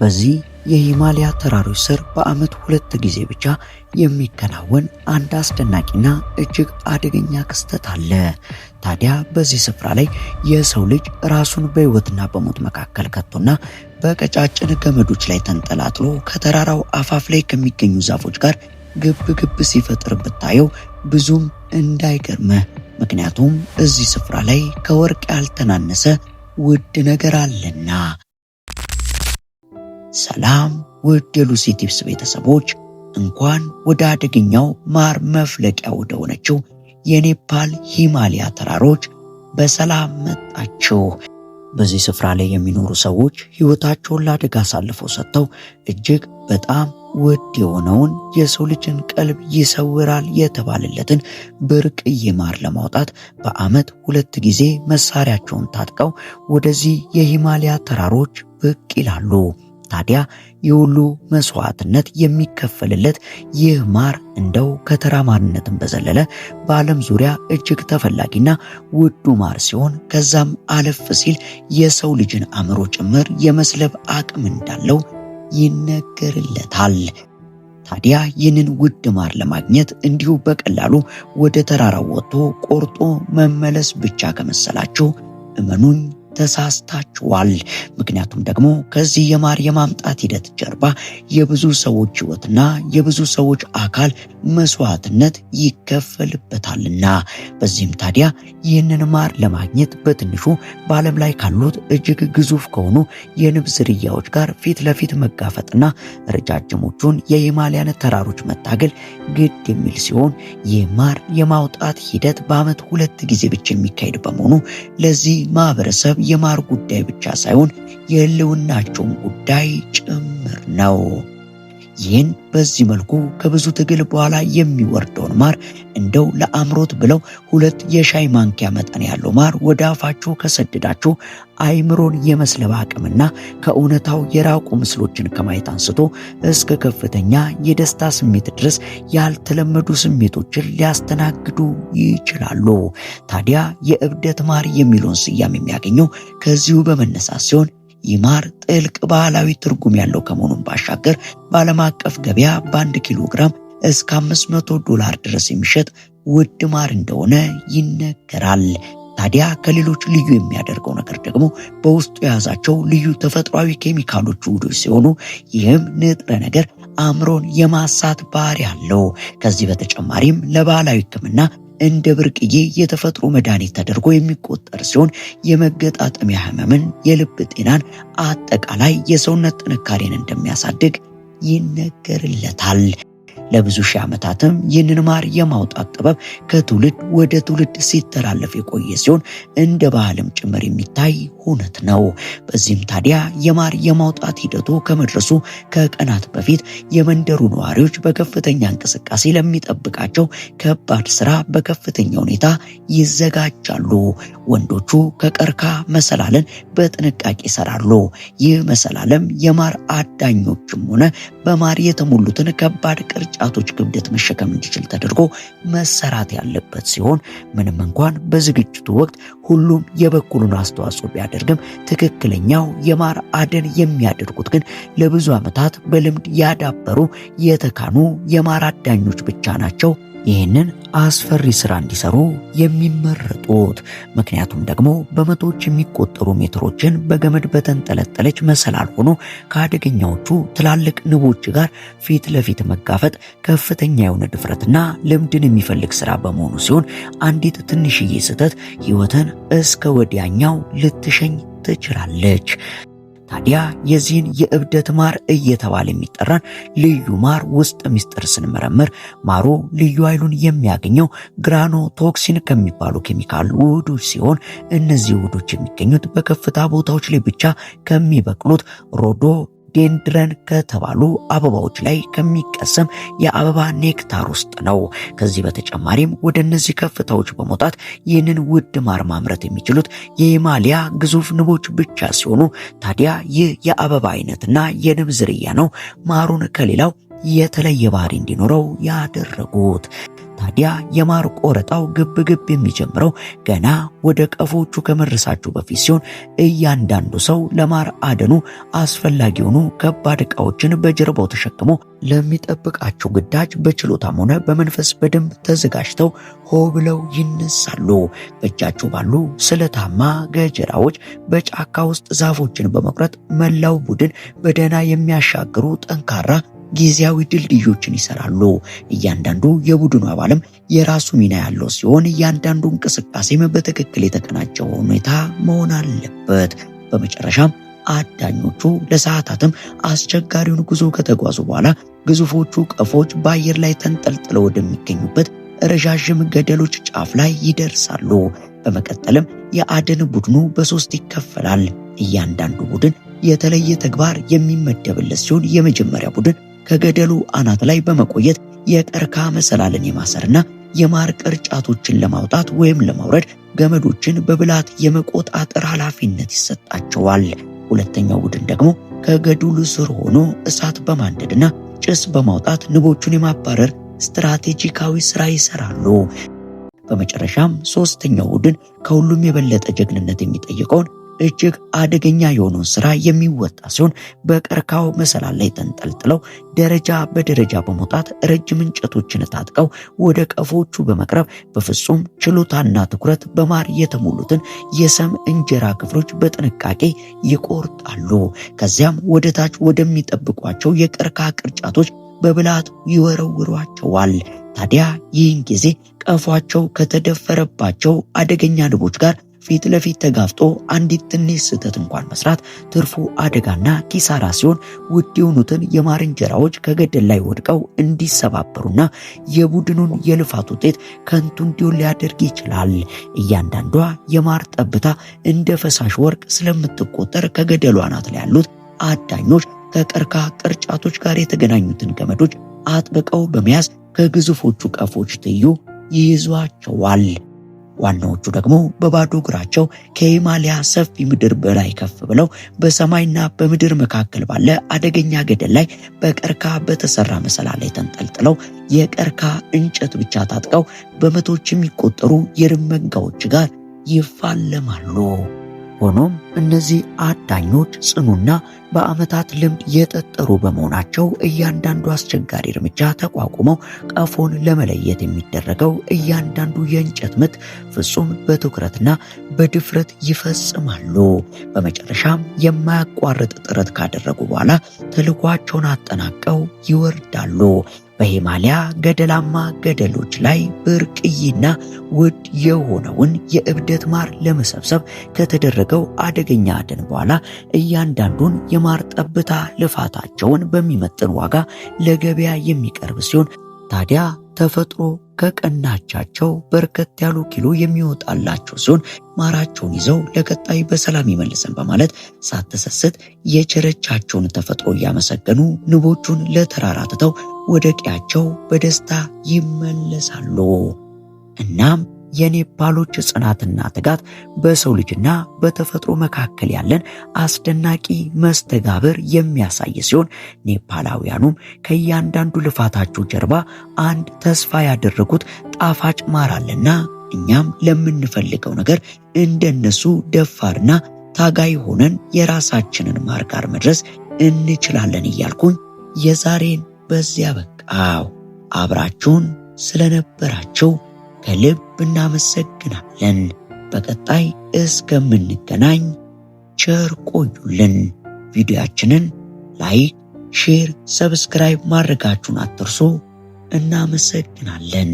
በዚህ የሂማሊያ ተራሮች ስር በዓመት ሁለት ጊዜ ብቻ የሚከናወን አንድ አስደናቂና እጅግ አደገኛ ክስተት አለ። ታዲያ በዚህ ስፍራ ላይ የሰው ልጅ ራሱን በሕይወትና በሞት መካከል ከቶና በቀጫጭን ገመዶች ላይ ተንጠላጥሎ ከተራራው አፋፍ ላይ ከሚገኙ ዛፎች ጋር ግብ ግብ ሲፈጥር ብታየው ብዙም እንዳይገርምህ። ምክንያቱም እዚህ ስፍራ ላይ ከወርቅ ያልተናነሰ ውድ ነገር አለና ሰላም ውድ የሉሲ ቲፕስ ቤተሰቦች እንኳን ወደ አደገኛው ማር መፍለቂያ ወደ ሆነችው የኔፓል ሂማሊያ ተራሮች በሰላም መጣችሁ። በዚህ ስፍራ ላይ የሚኖሩ ሰዎች ሕይወታቸውን ለአደጋ አሳልፈው ሰጥተው እጅግ በጣም ውድ የሆነውን የሰው ልጅን ቀልብ ይሰውራል የተባለለትን ብርቅዬ ማር ለማውጣት በዓመት ሁለት ጊዜ መሳሪያቸውን ታጥቀው ወደዚህ የሂማሊያ ተራሮች ብቅ ይላሉ። ታዲያ የሁሉ መስዋዕትነት የሚከፈልለት ይህ ማር እንደው ከተራ ማርነትን በዘለለ በዓለም ዙሪያ እጅግ ተፈላጊና ውዱ ማር ሲሆን ከዛም አለፍ ሲል የሰው ልጅን አእምሮ ጭምር የመስለብ አቅም እንዳለው ይነገርለታል። ታዲያ ይህንን ውድ ማር ለማግኘት እንዲሁ በቀላሉ ወደ ተራራው ወጥቶ ቆርጦ መመለስ ብቻ ከመሰላችሁ እመኑኝ ተሳስታችኋል። ምክንያቱም ደግሞ ከዚህ የማር የማምጣት ሂደት ጀርባ የብዙ ሰዎች ህይወትና የብዙ ሰዎች አካል መስዋዕትነት ይከፈልበታልና። በዚህም ታዲያ ይህንን ማር ለማግኘት በትንሹ በዓለም ላይ ካሉት እጅግ ግዙፍ ከሆኑ የንብ ዝርያዎች ጋር ፊት ለፊት መጋፈጥና ረጃጅሞቹን የሂማሊያን ተራሮች መታገል ግድ የሚል ሲሆን ይህ ማር የማውጣት ሂደት በዓመት ሁለት ጊዜ ብቻ የሚካሄድ በመሆኑ ለዚህ ማህበረሰብ የማር ጉዳይ ብቻ ሳይሆን የህልውናቸውም ጉዳይ ጭምር ነው። ይህን በዚህ መልኩ ከብዙ ትግል በኋላ የሚወርደውን ማር እንደው ለአምሮት ብለው ሁለት የሻይ ማንኪያ መጠን ያለው ማር ወደ አፋችሁ ከሰደዳችሁ አይምሮን የመስለብ አቅምና ከእውነታው የራቁ ምስሎችን ከማየት አንስቶ እስከ ከፍተኛ የደስታ ስሜት ድረስ ያልተለመዱ ስሜቶችን ሊያስተናግዱ ይችላሉ። ታዲያ የእብደት ማር የሚለውን ስያሜ የሚያገኘው ከዚሁ በመነሳት ሲሆን ይማር ጥልቅ ባህላዊ ትርጉም ያለው ከመሆኑን ባሻገር በዓለም አቀፍ ገበያ በአንድ ኪሎ ግራም እስከ 500 ዶላር ድረስ የሚሸጥ ውድ ማር እንደሆነ ይነገራል። ታዲያ ከሌሎች ልዩ የሚያደርገው ነገር ደግሞ በውስጡ የያዛቸው ልዩ ተፈጥሯዊ ኬሚካሎች ውህዶች ሲሆኑ ይህም ንጥረ ነገር አእምሮን የማሳት ባህሪ አለው። ከዚህ በተጨማሪም ለባህላዊ ሕክምና እንደ ብርቅዬ የተፈጥሮ መድኃኒት ተደርጎ የሚቆጠር ሲሆን የመገጣጠሚያ ህመምን፣ የልብ ጤናን፣ አጠቃላይ የሰውነት ጥንካሬን እንደሚያሳድግ ይነገርለታል። ለብዙ ሺህ ዓመታትም ይህንን ማር የማውጣት ጥበብ ከትውልድ ወደ ትውልድ ሲተላለፍ የቆየ ሲሆን እንደ ባህልም ጭምር የሚታይ ሁነት ነው። በዚህም ታዲያ የማር የማውጣት ሂደቱ ከመድረሱ ከቀናት በፊት የመንደሩ ነዋሪዎች በከፍተኛ እንቅስቃሴ ለሚጠብቃቸው ከባድ ስራ በከፍተኛ ሁኔታ ይዘጋጃሉ። ወንዶቹ ከቀርከሃ መሰላለን በጥንቃቄ ይሰራሉ። ይህ መሰላለም የማር አዳኞችም ሆነ በማር የተሞሉትን ከባድ ቅርጭ ቅርጫቶች ክብደት መሸከም እንዲችል ተደርጎ መሰራት ያለበት ሲሆን ምንም እንኳን በዝግጅቱ ወቅት ሁሉም የበኩሉን አስተዋጽኦ ቢያደርግም ትክክለኛው የማር አደን የሚያደርጉት ግን ለብዙ ዓመታት በልምድ ያዳበሩ የተካኑ የማር አዳኞች ብቻ ናቸው ይህንን አስፈሪ ስራ እንዲሰሩ የሚመረጡት። ምክንያቱም ደግሞ በመቶዎች የሚቆጠሩ ሜትሮችን በገመድ በተንጠለጠለች መሰላል ሆኖ ከአደገኛዎቹ ትላልቅ ንቦች ጋር ፊት ለፊት መጋፈጥ ከፍተኛ የሆነ ድፍረትና ልምድን የሚፈልግ ስራ በመሆኑ ሲሆን አንዲት ትንሽዬ ስህተት ህይወትን እስከ ወዲያኛው ልትሸኝ ትችላለች። ታዲያ የዚህን የእብደት ማር እየተባለ የሚጠራን ልዩ ማር ውስጥ ሚስጥር ስንመረምር ማሩ ልዩ ኃይሉን የሚያገኘው ግራኖ ቶክሲን ከሚባሉ ኬሚካል ውህዶች ሲሆን እነዚህ ውህዶች የሚገኙት በከፍታ ቦታዎች ላይ ብቻ ከሚበቅሉት ሮዶ ዴንድረን ከተባሉ አበባዎች ላይ ከሚቀሰም የአበባ ኔክታር ውስጥ ነው። ከዚህ በተጨማሪም ወደ እነዚህ ከፍታዎች በመውጣት ይህንን ውድ ማር ማምረት የሚችሉት የሂማሊያ ግዙፍ ንቦች ብቻ ሲሆኑ ታዲያ ይህ የአበባ አይነትና የንብ ዝርያ ነው ማሩን ከሌላው የተለየ ባህሪ እንዲኖረው ያደረጉት። ታዲያ የማር ቆረጣው ግብ ግብ የሚጀምረው ገና ወደ ቀፎቹ ከመድረሳቸው በፊት ሲሆን እያንዳንዱ ሰው ለማር አደኑ አስፈላጊ የሆኑ ከባድ ዕቃዎችን በጀርባው ተሸክሞ ለሚጠብቃቸው ግዳጅ በችሎታም ሆነ በመንፈስ በደንብ ተዘጋጅተው ሆ ብለው ይነሳሉ። በእጃቸው ባሉ ስለታማ ገጀራዎች በጫካ ውስጥ ዛፎችን በመቁረጥ መላው ቡድን በደህና የሚያሻግሩ ጠንካራ ጊዜያዊ ድልድዮችን ይሰራሉ። እያንዳንዱ የቡድኑ አባልም የራሱ ሚና ያለው ሲሆን እያንዳንዱ እንቅስቃሴም በትክክል የተቀናጀው ሁኔታ መሆን አለበት። በመጨረሻም አዳኞቹ ለሰዓታትም አስቸጋሪውን ጉዞ ከተጓዙ በኋላ ግዙፎቹ ቀፎች በአየር ላይ ተንጠልጥለው ወደሚገኙበት ረዣዥም ገደሎች ጫፍ ላይ ይደርሳሉ። በመቀጠልም የአደን ቡድኑ በሶስት ይከፈላል። እያንዳንዱ ቡድን የተለየ ተግባር የሚመደብለት ሲሆን የመጀመሪያ ቡድን ከገደሉ አናት ላይ በመቆየት የቀርከሃ መሰላልን የማሰርና የማር ቅርጫቶችን ለማውጣት ወይም ለማውረድ ገመዶችን በብላት የመቆጣጠር ኃላፊነት ይሰጣቸዋል። ሁለተኛው ቡድን ደግሞ ከገደሉ ስር ሆኖ እሳት በማንደድና ጭስ በማውጣት ንቦቹን የማባረር ስትራቴጂካዊ ሥራ ይሰራሉ። በመጨረሻም ሦስተኛው ቡድን ከሁሉም የበለጠ ጀግንነት የሚጠይቀውን እጅግ አደገኛ የሆነውን ስራ የሚወጣ ሲሆን በቀርካው መሰላል ላይ ተንጠልጥለው ደረጃ በደረጃ በመውጣት ረጅም እንጨቶችን ታጥቀው ወደ ቀፎቹ በመቅረብ በፍጹም ችሎታና ትኩረት በማር የተሞሉትን የሰም እንጀራ ክፍሎች በጥንቃቄ ይቆርጣሉ። ከዚያም ወደ ታች ወደሚጠብቋቸው የቀርካ ቅርጫቶች በብላት ይወረውሯቸዋል። ታዲያ ይህን ጊዜ ቀፏቸው ከተደፈረባቸው አደገኛ ንቦች ጋር ፊት ለፊት ተጋፍጦ አንዲት ትንሽ ስህተት እንኳን መስራት ትርፉ አደጋና ኪሳራ ሲሆን ውድ የሆኑትን የማር እንጀራዎች ከገደል ላይ ወድቀው እንዲሰባበሩና የቡድኑን የልፋት ውጤት ከንቱ እንዲሆን ሊያደርግ ይችላል። እያንዳንዷ የማር ጠብታ እንደ ፈሳሽ ወርቅ ስለምትቆጠር ከገደሉ አናት ላይ ያሉት አዳኞች ከቀርካ ቅርጫቶች ጋር የተገናኙትን ገመዶች አጥብቀው በመያዝ ከግዙፎቹ ቀፎች ትዩ ይይዟቸዋል። ዋናዎቹ ደግሞ በባዶ እግራቸው ከሂማሊያ ሰፊ ምድር በላይ ከፍ ብለው በሰማይና በምድር መካከል ባለ አደገኛ ገደል ላይ በቀርካ በተሰራ መሰላል ላይ ተንጠልጥለው የቀርካ እንጨት ብቻ ታጥቀው በመቶች የሚቆጠሩ የርመጋዎች ጋር ይፋለማሉ። ሆኖም እነዚህ አዳኞች ጽኑና በዓመታት ልምድ የጠጠሩ በመሆናቸው እያንዳንዱ አስቸጋሪ እርምጃ ተቋቁመው ቀፎን ለመለየት የሚደረገው እያንዳንዱ የእንጨት ምት ፍጹም በትኩረትና በድፍረት ይፈጽማሉ። በመጨረሻም የማያቋርጥ ጥረት ካደረጉ በኋላ ተልኳቸውን አጠናቀው ይወርዳሉ። በሂማሊያ ገደላማ ገደሎች ላይ ብርቅይና ውድ የሆነውን የእብደት ማር ለመሰብሰብ ከተደረገው አደገኛ ደን በኋላ እያንዳንዱን የማር ጠብታ ልፋታቸውን በሚመጥን ዋጋ ለገበያ የሚቀርብ ሲሆን ታዲያ ተፈጥሮ ከቀናቻቸው በርከት ያሉ ኪሎ የሚወጣላቸው ሲሆን ማራቸውን ይዘው ለቀጣይ በሰላም ይመልሰን በማለት ሳትሰስት የቸረቻቸውን ተፈጥሮ እያመሰገኑ ንቦቹን ለተራራ ትተው ወደ ቀያቸው በደስታ ይመለሳሉ። እናም የኔፓሎች ጽናትና ትጋት በሰው ልጅና በተፈጥሮ መካከል ያለን አስደናቂ መስተጋብር የሚያሳይ ሲሆን ኔፓላውያኑም ከእያንዳንዱ ልፋታቸው ጀርባ አንድ ተስፋ ያደረጉት ጣፋጭ ማር አለና እኛም ለምንፈልገው ነገር እንደነሱ ደፋርና ታጋይ ሆነን የራሳችንን ማር ጋር መድረስ እንችላለን እያልኩኝ የዛሬን በዚያ በቃው። አብራችሁን ስለነበራችሁ ከልብ እናመሰግናለን። በቀጣይ እስከምንገናኝ ቸር ቆዩልን። ቪዲዮያችንን ላይክ፣ ሼር፣ ሰብስክራይብ ማድረጋችሁን አትርሱ። እናመሰግናለን።